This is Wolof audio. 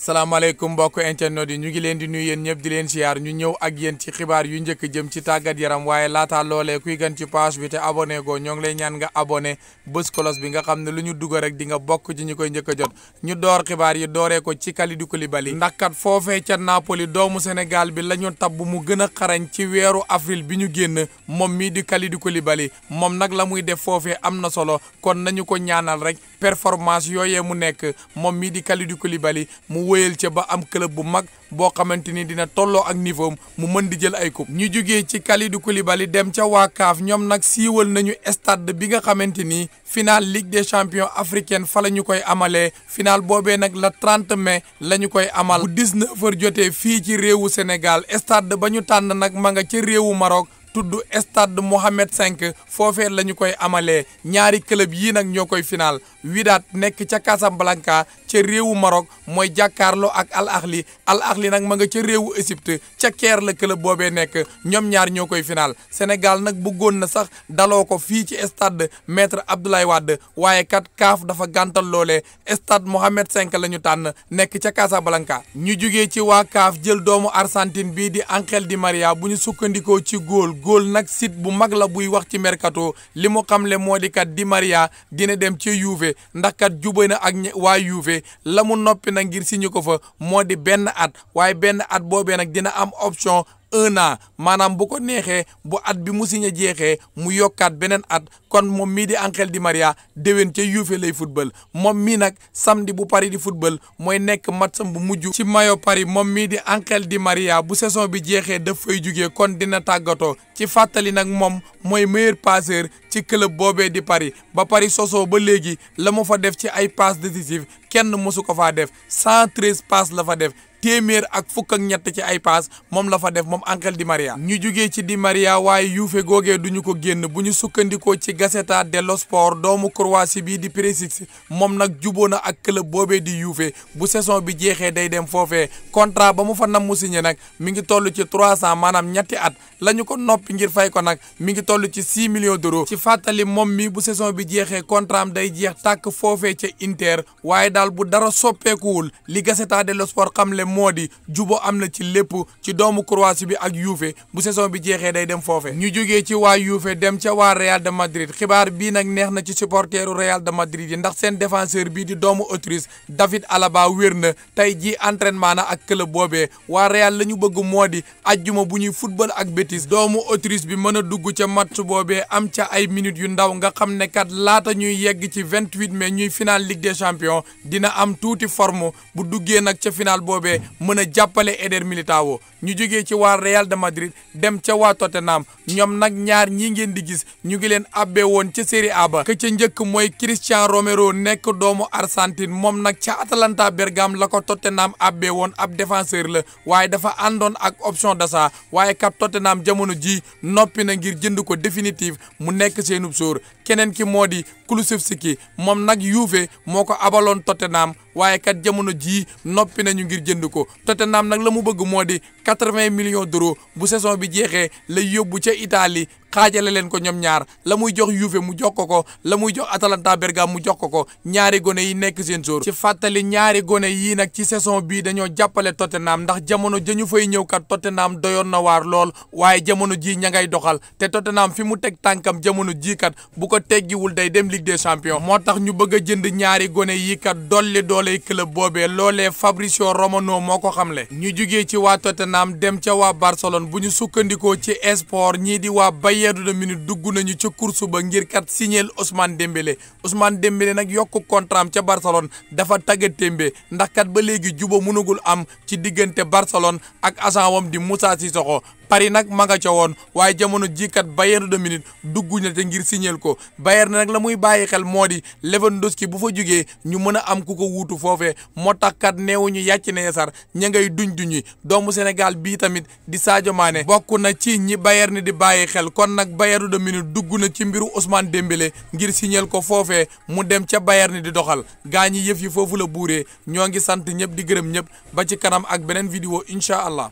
salaamaaleykum mbokk internet yi ñu ngi leen di nuyu yéen ñëpp di leen siyaar ñu ñëw ak yen ci xibaar yu njëkk jëm ci tàggat yaram waaye laata loolee kuy gan ci page bi te abone goo ñoo ngi lay ñaan nga abonné bës kolos bi nga xam ne lu ñu dugg rek di nga bokk ci ñu koy njëkk a jot ñu door xibaar yi dooree ko ci Kalidou Koulibaly ndax kat foofee ca Napoli doomu Sénégal bi la tab tabb mu gën a xarañ ci weeru avril bi ñu génn moom mii di Kalidou Koulibaly moom nag la muy def foofee am na solo kon nañu ko ñaanal rek performance yooyee mu nekk moom mii di Kalidou Koulibaly mu wóyal ca ba am club bu mag boo xamante ni dina tolloo ak niveau mu mën di jël ay coupe ñu jugee ci Kalidou kulibali dem ca waa ñoom nag siiwal nañu stade bi nga xamante ni final Ligue des champions africaine fa la ñu koy amalee final boobee nag la trente mai la ñu koy amal bu 19 jotee fii ci réewu Sénégal stade ba ñu tànn nag ma nga ca réewu Maroc. tudd stade Mohamed V foofee la ñu koy amalee ñaari club yii nag ñoo koy final Wydad nekk ca Casablanca ca réewu Maroc mooy jàkkaarloo ak Al Ahli Al Ahli nag ma nga ca réewu Égypte ca Caire la club boobee nekk ñoom ñaar ñoo koy final Sénégal nag bu góon na sax daloo ko fii ci stade maître Abdoulaye Wade waaye kat kaaf dafa gàntal loole stade Mohamed V la ñu tànn nekk ca Casablanca ñu jugee ci waa kaaf jël doomu arsantine bii di Ángel Di maria bu ñu sukkandikoo ci góol góol nag site bu mag la buy wax ci mercato li mu xamle moo di kat Di María dina dem ca Juve ndax kat na ak waa Juve Guédiawaye la mu noppi nag ngir signé ko fa moo di benn at waaye benn at boobee nag dina am option un maanaam bu ko neexee bu at bi mu signé jeexee mu yokkaat beneen at kon moom mii di Ángel Di maria déwén ca Juve lay football moom mii nag samdi bu Paris di football mooy nekk matcham bu mujj ci mayo Paris moom mii di Ángel Di maria bu saison bi jeexee daf fay jugee kon dina tàggatoo ci fàttali nag moom mooy meilleur passeur ci club boobee di Paris ba Paris sosoo ba léegi la mu fa def ci ay passes décisives kenn mosu ko faa def 113 passes la fa def téeméer ak fukk ñett ci ay paas moom la fa def moom Ángel Di maria ñu jugee ci Di maria waaye yuufe googee duñu ko génn bu ñu sukkandikoo ci Gazzetta dello Sport doomu Croatie bii di Perisic moom nag juboo na ak club boobee di yuufe bu saison bi jeexee day dem foofee contrat ba mu fa nam mu signé nag mi ngi toll ci trois cent maanaam ñetti at la ñu ko noppi ngir fay ko nag mi ngi toll ci six millions d'euros ci fàttali moom mii bu saison bi jeexee contrat am day jeex tàkk foofee ca Inter waaye daal dara soppeekuwul moo di jubo am na ci lépp ci doomu Croatie bi ak Juve bu saison bi jeexee day dem foofe ñu jógee ci waa Juve dem ca waa Real de Madrid xibaar bii nag neex na ci supporteru Real de Madrid yi ndax seen défenseur bii di doomu Autriche David Alaba weer na tey ji entraînement na ak club boobee waa Real la ñu bëgg moo di ajjuma bu ñuy football ak Betis doomu Autriche bi mën a dugg ca match boobee am ca ay minutes yu ndaw nga xam ne kat laata ñuy yegg ci 28 mai ñuy final Ligue des dina am tuuti forme bu duggee nag ca final boobee mën a jàppale Eder Militao ñu jógee ci waa Real de Madrid dem ca waa Tottenham ñoom nag ñaar ñi ngeen di gis ñu ngi leen abbe woon ca Serie A ba ca njëkk mooy Christian Romero nekk doomu Argentine moom nag ca Atalanta Bergame la ko Tottenham abbe woon ab défenseur la waaye dafa àndoon ak option d'achat waaye kat Tottenham jamono ji noppi na ngir jënd ko définitive mu nekk seenub sóor keneen ki moo di si Kulusevski moom nag Juve moo ko abaloon Tottenham waaye kat jamono jii noppi nañu ngir jënd ko Tottenham nag la mu bëgg moo di quatre vingt million d'euros bu saison bi jeexee la yóbbu ca Italie xaajale leen ko ñoom ñaar la muy jox Juve mu jox ko ko la muy jox Atalanta Bergame mu jox ko ko ñaari gone yi nekk seen sóor ci fàttali ñaari gone yii nag ci saison bii dañoo jàppale Tottenham ndax jamono ja ñu fay ñëw kat Tottenham doyoon na waar lool waaye jamono jii ña ngay doxal te Tottenham fi mu teg tànkam jamono jii kat bu ko teggiwul day dem Ligue des Champions moo tax ñu bëgg a jënd ñaari gone yi kat dolli dooley club boobee loolee Fabrizio Romano moo ko xamle ñu jugee ci waa Tottenham dem ca waa Barcelone bu ñu sukkandikoo ci Esport ñii di waa Bay yeetu de minute dugg nañu ca course ba ngir kat signéel osmaan Dembélé osmaan Dembélé nag yokk contrat am ca Barcelone dafa tagga témbe ndax kat ba léegi juba mënagul am ci diggante Barcelone ak agent wam di Moussa Sissoko Paris nag ma ca woon waaye jamono jikat Bayern de Munich dugg na te ngir signal ko Bayern nag la muy bàyyi xel moo di Lewandowski bu fa jugee ñu mën a am ku ko wuutu foofee moo tax kat ñu yàcc na yasar ña ngay duñ duñi doomu Sénégal bii tamit di Sadio Mané bokk na ci ñi Bayern ni di bàyyi xel kon nag Bayern de dugg na ci mbiru Ousmane Dembélé ngir signal ko foofee mu dem ca Bayern ni di doxal gaa ñi yëf yi foofu la buuree ñoo ngi sant ñëpp di gërëm ñëpp ba ci kanam ak beneen vidéo incha allah